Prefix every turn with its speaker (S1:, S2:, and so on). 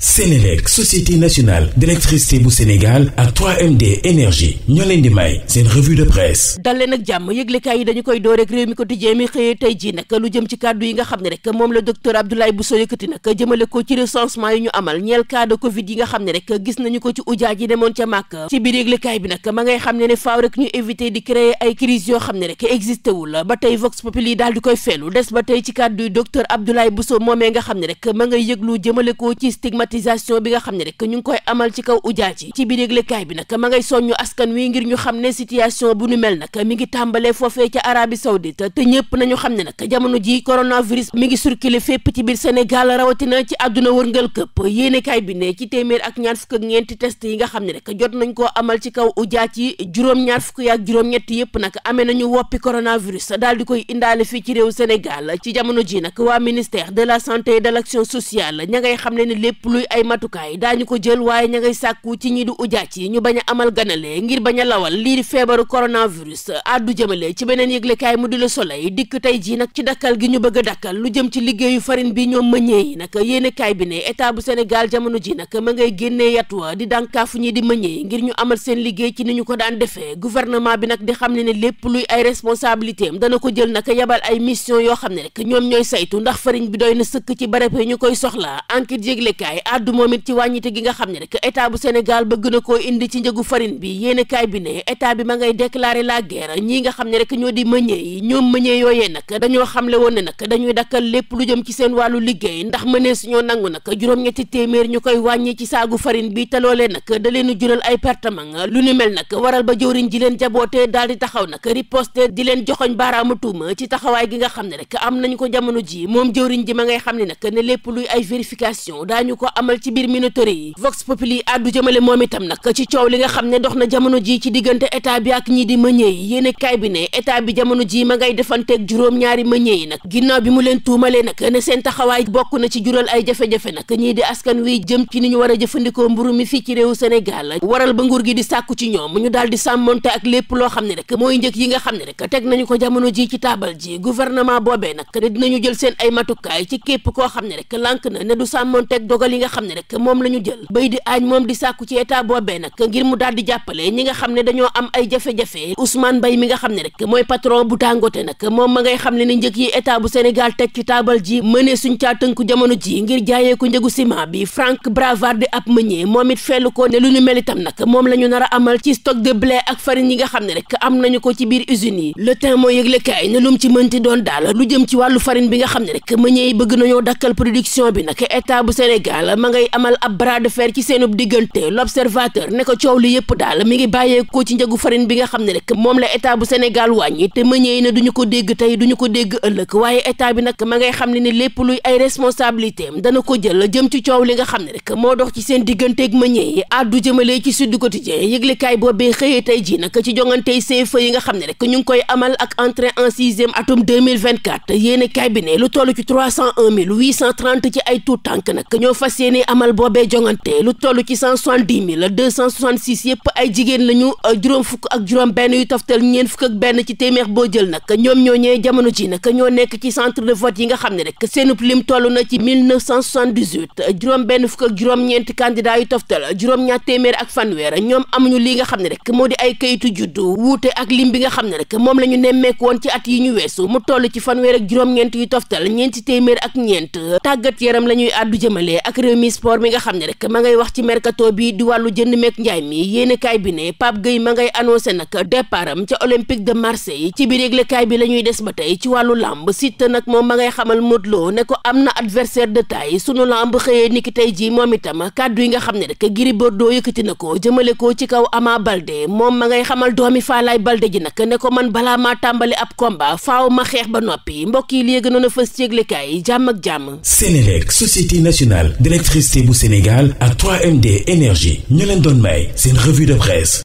S1: Sénélec société nationale d'électricité bu Sénégal ak 3MD énergie ñoo leen di may seen revue de presse dal leen ak jàmm yëglekaay yi dañu koy door réew mi quotidien mi xëyee tey ji nag lu jëm ci kàddu yi nga xam ne rek moom la docteur Abdoulaye Bousso yëkkati nag jëmale ko ci recensement yi ñu amal ñeel cas Covid yi nga xam ne rek gis nañu ko ci ujaaj yi demoon ca Màkka ci biir yëglekaay bi nag ma ngay xam ne ne faaw rek ñu éviter di créer ay crise yoo xam ne rek existé wul ba tey Vox Populi yi di koy feelu des ba tey ci kàddu yi docteur Abdoulaye Bousso nga xam ne rek ma ngay yëglu jëmale ko ci stigma privatisation bi nga xam ne rek ñu ngi koy amal ci kaw ujaa ji ci biir yëglekaay bi nag ma ngay soññu askan wi ngir ñu xam ne situation bu nu mel nag mi ngi tàmbalee foofee ca Arabie Saoudite te ñëpp nañu xam ne nag jamono ji coronavirus mi ngi circulé fépp ci biir Sénégal rawatina ci àdduna wërngal këpp yéenekaay bi ne ci téeméer ak ñaan fukk ak ñeenti test yi nga xam ne rek jot nañ ko amal ci kaw ujaa ci juróom-ñaar fukk yaak juróom ñetti yëpp nag amee nañu woppi coronavirus daal di koy indaale fii ci réew Sénégal ci jamono ji nag waa ministère de la santé et de l'action sociale ña ngay xam ne ne lépp lu luy ay matukaay daañu ko jël waaye ña ngay sàkku ci ñi di ujaat ñu bañ a amal ganale ngir bañ a lawal lii di feebaru coronavirus àddu jëmale ci beneen yëglekaay mu di Le Soleil dikk tey jii nag ci dakkal gi ñu bëgg dakkal lu jëm ci liggéeyu farine bi ñoom mëñee yi nag yéenekaay bi ne état bu senegal jamono ji nag ma ngay génnee yatuwa di dànkaafu ñi di mëñee ngir ñu amal seen liggéey ci ni ñu ko daan defee gouvernement bi nag di xam ne ne lépp luy ay responsabilité am dana ko jël nag yabal ay mission yoo xam ne rek ñoom ñooy saytu ndax farine bi doy na sëkk ci barab yi ñu koy soxla enquête yëglekaay addu moom it ci wàññite gi nga xam ne rek état bu Sénégal bëgg na koo indi ci njëgu farine bi yéene kaay bi ne état bi ma ngay déclarer la guerre ñii nga xam ne rek ñoo di meññee yi ñoom meññee yooyee nag dañoo xamle woon ne nag dañuy dakkal lépp lu jëm ci seen wàllu liggéey ndax mënee suñoo nangu nag juróom-ñetti téeméer ñu koy wàññi ci saagu farine bi te loolee nag da leen jural ay pertement lu ni mel nag waral ba jëwriñ ji leen jabootee daal di taxaw nag riposte di leen joxoñ baaraamu tuuma ci taxawaay gi nga xam ne rek am nañu ko jamono ji moom jëwriñ ji ma ngay xam ne nag ne lépp luy ay vérification amal ci biir minoterie yi vox populi addu jëmale moom itam nag ci coow li nga xam ne dox na jamono ji ci diggante état bi ak ñii di meññee yi bi ne état bi jamono ji ma ngay defanteeg juróom-ñaari meññee yi nag ginnaw bi mu leen tuumalee nag ne seen taxawaay bokk na ci jural ay jafe-jafe nag ñii di askan wi jëm ci ni ñu war a jëfandikoo mburu mi fii ci réewu Sénégal waral ba nguur gi di sàkku ci ñoom mu ñu daal di sàmmonte ak lépp loo xam ne rek mooy njëg yi nga xam ne rek teg nañu ko jamono ji ci taabal ji gouvernement boobee nag ne dinañu jël seen ay matukaay ci képp koo xam ne rek lànk nga xam ne moom la ñu jël béy di aaj moom di sàkku ci état boobee nag ne dañoo am ay jafe-jafe Ousmane Mbaye mi nga xam ne rek mooy patron bu Dangote nag moom ma ngay xam ne ni njëg yi état bu Sénégal teg ci taabal ji mënee suñ caa tënku jamono ji ngir jaayee ko njëgu ciment bi Franck Bravard di ab meññee moom it fellu ko ne lu ñu mel itam nag moom la ñu nar amal ci stock de blé ak farine yi nga xam ne rek am nañu ko ci biir usines yi le temps moo yëgle kaay ne lu mu ci mënti doon daal lu jëm ci wàllu farine bi nga xam ne rek meññee yi bëgg nañoo dakkal production bi nag état bu Sénégal ma ngay amal ab bras de fer ci seenub diggante l'observateur ne ko coow li yëpp daal mi ngi bàyyeekoo ci njëgu farine bi nga xam ne rek moom la état bu Sénégal wàññi te meññee yi ne duñu ko dégg tey duñu ko dégg ëllëg waaye état bi nag ma ngay xam ne ni lépp luy ay responsabilité dana ko jël la jëm ci coow li nga xam ne rek moo dox ci seen digganteeg meññee yi àddu jëmalee ci Sud Quotidien yëglekaay boobee xëyee tey ji nag ci jongantey CFEE yi nga xam ne rek ñu ngi koy amal ak entrée en sixième atum 2024 yéene kaay bi ne lu toll ci 301 830 ci ay tuut tànk nag ñoo fas yéene amal boobee jongante lu toll ci cent soixante-dix mille deux cent soixante-six yëpp ay jigéen lañu euh, juróom fukk ak juróom benn yu toftal ñeen fukk ak benn ci téeméer boo jël nag ñoom ñoo ñëwee jamono ji nag ñoo nekk ci centre de vote yi nga xam ne rek seenub lim toll na ci mille neuf cent soixante-dix-huit juróom benn fukk ak juróom-ñeenti candidat yu toftal juróom-ñaar téeméer ak fanweer li nga xam ne rek moo di ay kayitu juddu wuute ak lim bi nga xam ne rek moom la ñu nemmeek ci at yi ñu weesu mu toll ci fanweer ak juróom-ñeent yu ñeenti téeméer ak ñeent tàggat yaram la ñuy àddu jëmale ak réew mi sport mi nga xam ne rek ma ngay wax ci mercato bi di wàllu jënd meek njaay mi yéenekaay bi ne Pape Gueye ma ngay annoncé nag départam ca Olympique de Marseille ci biir yëglekaay bi la ñuy des ba tey ci wàllu làmb Siteu nag moom ma ngay xamal Modou Lo ne ko am na adversaire de taille sunu làmb xëyee niki tey jii moom itam kàddu yi nga xam ne rek Gris Bordeaux yëkkati na ko jëmale ko ci kaw Ama Baldé moom ma ngay xamal doomi Faalaay Baldé ji nag ne ko man balaa maa tàmbali ab combat faaw ma xeex ba noppi mbokk yi léegi noonu fës ci yëglekaay jàmm ak jàmm électricité bu Sénégal ak 3MD énergie ñu leen doon may seen revue de presse